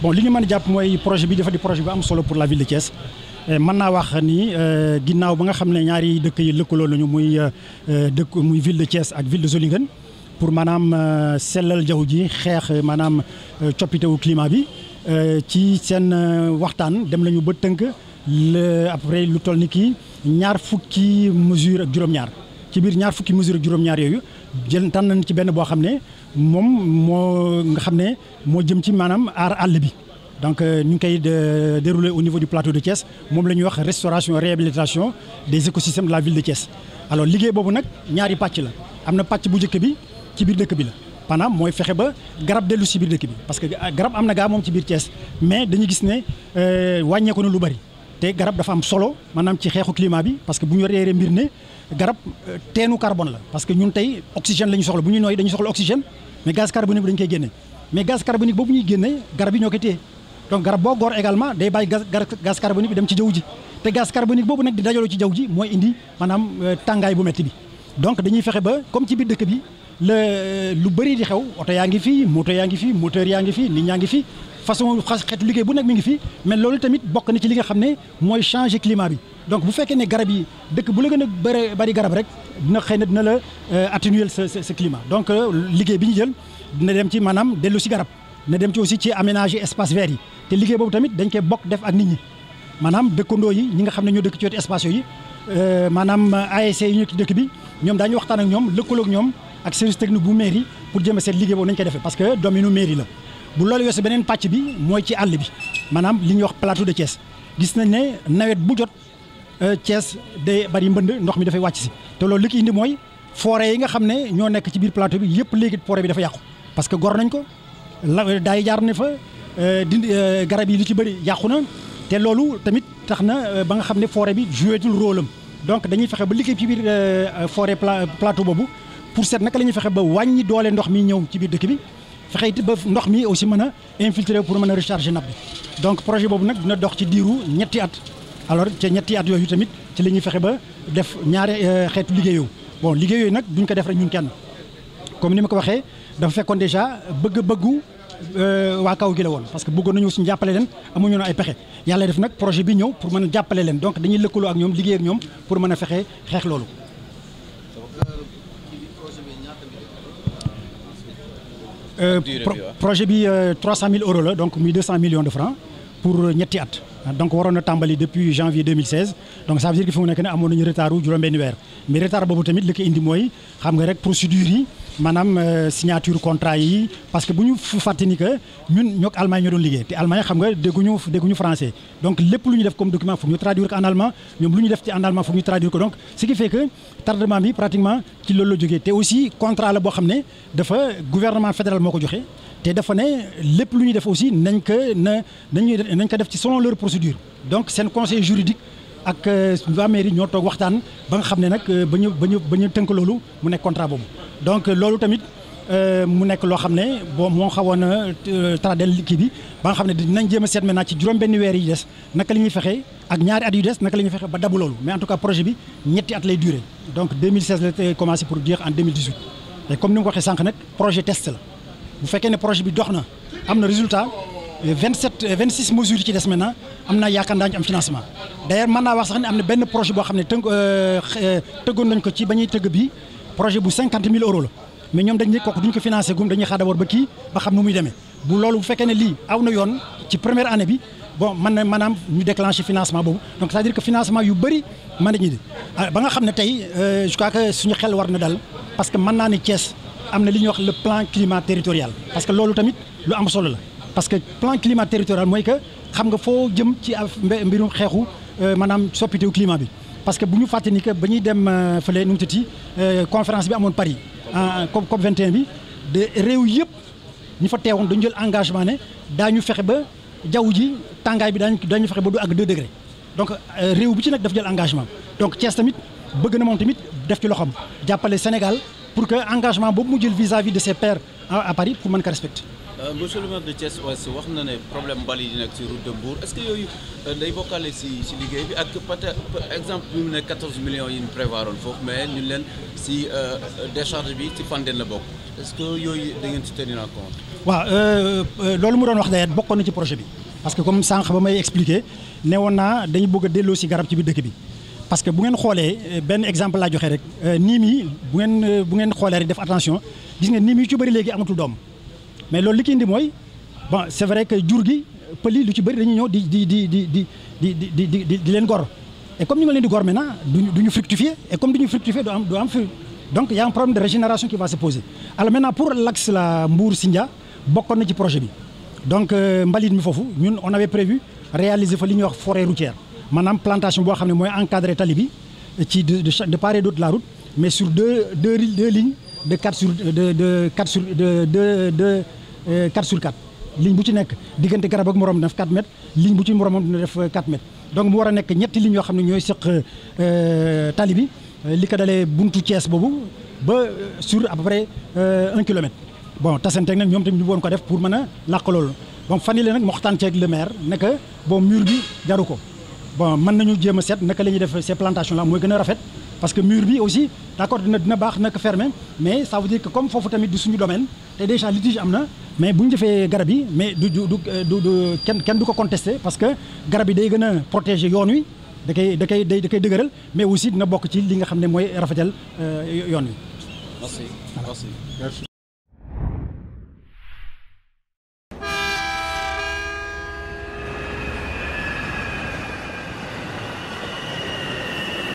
bon li ñu mën a jàpp mooy projet bi dafa di projet bu am solo pour la ville de Thiès eh, mën naa wax ni eh, ginnaaw ba nga xam ne ñaari dëkk yi lëkkaloo nañu muy eh, dëkk muy ville de Thiès ak ville de Solingen pour maanaam sellal jaww ji xeex maanaam coppite wu climat bi ci seen waxtaan dem nañu ba tënk le lu toll ni kii ñaar fukki mesure ak juróom-ñaar ci biir ñaar fukki mesure ak juróom-ñaar yooyu jël tànn nañ ci benn boo xam ne moom moo nga xam ne moo jëm ci maanaam aar àll bi donc euh, ñu ngi koy euh, déroulé au niveau du plateau de Thiès moom la ñuy wax restauration réhabilitation des écosystèmes de la ville de Thiès alors liggéey boobu nag ñaari pàcc la am na pàcc bu njëkk bi ci biir dëkk bi la maanaam mooy fexe ba garab dellu si biir dëkk bi parce que euh, garab am na gaa moom ci biir Thiès mais dañu gis ne wàññeeku na lu bari te garab dafa am solo maanaam ci xeexu climat bi parce que bu ñu réeree mbir garab euh, teenu carbone la parce que ñun tey oxygène la ñu soxla bu ñu nooy dañu soxla oxygène mais gaz carbonique bi dañu koy génne mais gaz carbonique boobu ñuy génne garab yi ñoo koy téye donc garab boo góor également day bàyyi gaz carbonique bi dem ci jaww ji te gaz carbonique boobu nag di dajaloo ci jaww ji mooy indi maanaam euh, tàngaay bu métti bi donc dañuy fexe ba comme ci biir dëkk bi la euh, lu bëri di xew oto yaa ngi fii moto yaa ngi fii moteur yaa ngi fi nit ñaa ngi fii façon xeetu liggéey bu nekk mi ngi fi mais loolu tamit bokk na ci li nga xam ne mooy changer climat bi donc bu fekkee ne garab yi dëkk bu la gën a bëri bari garab rek dina xëy na dina la euh, atténuer sa sa climat donc euh, liggéey bi ñu jël dina dem ci maanaam dellu si garab dina dem ci aussi ci aménager espace vert yi te liggéey boobu tamit dañ koy bokk def ak nit ñi maanaam dëkkandoo yi ñi nga xam ne ñoo dëkk ci wetu espace yooyu euh, maanaam ASC yi ñu ci dëkk bi ñoom daañu waxtaan ak ñoom lëkkaloo ñoom ak service technique bu mairie pour jéem a seet liggéey boobu nañ koy defee parce que la bu loolu weesoo beneen pàcc bi mooy ci àll bi maanaam li ñuy wax plateau de cees gis nañ ne nawet bu jot cees euh, day bari mbënd ndox mi dafay wàcc si te loolu li ko mooy forêt yi nga xam ne ñoo nekk ci biir plateau bi yëpp léegi forêt bi dafa yàqu parce que gor nañ ko la euh, daay jaar ne fa euh, dindi garab yi lu ci bëri yàqu na te loolu tamit tax na ba nga xam ne foore bi jouetul rôle am donc dañuy fexe ba liggéey ci biir forêt plateau boobu pour seet naka la ñuy fexe ba wàññi doole ndox mi ñëw ci biir dëkk bi fexe ba ndox mi aussi mën a infiltrer pour mën a recharger nappe bi donc projet boobu nag dina dox ci diiru ñetti at alors te ñetti at yooyu tamit ci la ñuy fexe ba def ñaari euh, xeetu liggéeyoo bon liggéey yooyu nag duñ ko def rek ñun kenn comme ni ma ko waxee dafa fekkoon déjà bëgg-bëggu euh, waa kaw gi la woon parce que bëggoon nañu suñu jàppale leen amuñu na ay pexe yàlla def nag projet bi ñëw pour mën a jàppale leen donc dañuy lëkkaloo ak ñoom liggéey ñoom pour mën a fexe xeex loolu Euh, projet bi 300 euh, 000 euros la donc muy 200 millions de francs pour euh, ñetti at. donc waroon na tàmbali depuis janvier donc ça veut dire que fi mu nekk ne amoon nañu retard wu juróom-benni mais retard boobu tamit li indi mooy xam nga rek procédure yi. maanaam euh, signature contrat yi parce que bu ñu fàtte ni que ñun ñoo ko Allemagne ñoo doon liggéey te Allemagne xam nga dégguñu dégguñu français donc lépp lu ñu def comme document foog ñu traduire ko en allemand ñu def ci en allemand foog ñu traduire ko donc ce qui fait que tardement bi pratiquement ci loolu la jógee te aussi contrat la boo xam ne dafa gouvernement fédéral moo ko joxe te dafa ne lépp lu ñu def aussi nañ ko na nañ nañ ko def ci selon leur procédure donc seen conseil juridique ak waa euh, mairie ñoo toog waxtaan ba nga xam ne nag euh, ba ñu ba ñu ba tënk loolu mu nekk contrat boobu donc euh, loolu tamit mu nekk loo xam ne boo moo xawoon tradel kii bi ba nga xam ne dinañ jéem a seet maintenant ci juróom benn weer yi des naka la ñuy fexe ak ñaari at yu des naka la ñuy fexe ba dabu loolu mais en projet bi ñetti at lay durer donc 2016 la commencé pour jeex en 2018 te comme ni nga ko waxee sànq nag projet test la bu fekkee ne projet bi dox na am na résultat 27 26 mesures yi ci des maintenant am naa yaakaar daañu am financement d'ailleurs mën naa wax sax ne am na benn projet boo xam ne tënk euh, euh, tëggoon nañ ko ci ba ñuy tëgg bi projet bu 50 000 euros la mais ñoom dañ ne kooku duñ ko financé gum dañuy xaar d'abord ba kii ba xam nu muy demee bu loolu bu fekkee ne lii aw na yoon ci première année bi bon man na maanaam ñu déclenché financement boobu donc c'est-à-dire que financement yu bëri mën nañu di ah, ba nga xam ne tey euh, je crois que suñu xel war na dal parce que mën naa ne Thiès am na li ñuy wax le plan climat territorial parce que loolu tamit lu am solo la parce que plan climat territorial mooy que xam nga foo jëm ci mbirum xeexu euh, maanaam soppitewu climat bi parce que bu ñu fàtte ni que ba ñuy dem euh, fële nu mu tëti euh, conférence bi amoon Paris ah, COP COP 21 bi de réew yëpp ñu fa teewoon dañu jël engagement ne daañu fexe ba jaww ji tàngaay bi daañu daañu fexe ba du àgg 2 degré donc réew bi ci nag daf jël engagement donc Thiès tamit bëgg na moom tamit def ci loxoom jàppale Sénégal pour que engagement boobu mu jël vis-à-vis de à Paris pour mën ko respecter Euh, monsieur le wax na ne problème mbali di nekk ci route de est-ce que yooyu euh, day bokkaale si liggéey bi ak peut exemple bi mu ne 14 millions yi ñu prévoiroon foofu mais ñu leen si euh, décharge bi ci Fandène la bokk est-ce que yooyu da ngeen ci tenir en compte. waaw loolu mu doon wax day bokkoon na ci projet bi parce que comme sànq ba may expliquer ne woon naa dañu bëgg a si garab ci biir dëkk bi. parce que bu ngeen xoolee benn exemple laa joxe rek niim yi bu ngeen bu ngeen xoolee rek def attention gis nga niim yi ci bëri léegi amatul doom. mais loolu li ki mooy bon c'est vrai que jur gi pël lu ci bëri dañu ñëw di di di di di di di di di leen gor et comme ñu ngi leen di gor na duñu duñu fructifier et comme duñu fructifier du am du am fruit donc il y a un problème de régénération qui va se poser alors pour l'axe la Mbour Sindia bokkoon na ci projet bi donc mbalit mi foofu ñun on avait prévu réaliser fa li ñuy wax forêt routière maanaam plantation boo xam ne mooy encadrer tali bi ci de de part et d'autre de la route mais sur deux deux deux lignes de quatre sur de de de 4 euh, sur 4 ligne bu ci nekk diggante garab ak morom dina def 4 mètres ligne bu ci moromam dina def 4 euh, mètres donc mu war a nekk ñetti lignes yoo xam ne ñooy seq euh, tali bi li ko dalee buntu cees boobu ba sur à peu près 1 kilomètre bon tasanteeg nag ñoom tamit ñu woon ko def pour mën a làq loolu donc fan yii la nag ma waxtaan ceeg le maire ne bon mur bi jaru ko bon mën nañu jéem a seet naka la ñuy def ces plantations là mooy gën a rafet. parce que mur bi aussi d' dina baax naka fermé mais ça veut dire que comme foofu tamit du suñu domaine te déjà litige am na mais bu ñu defee garab yi mais du du du kenn kenn du ko contesté parce que garab yi day gën a protéger yoon wi da koy da koy da koy dëgëral mais aussi dina bokk ci li nga xam ne mooy rafetal euh, yoon wi. merci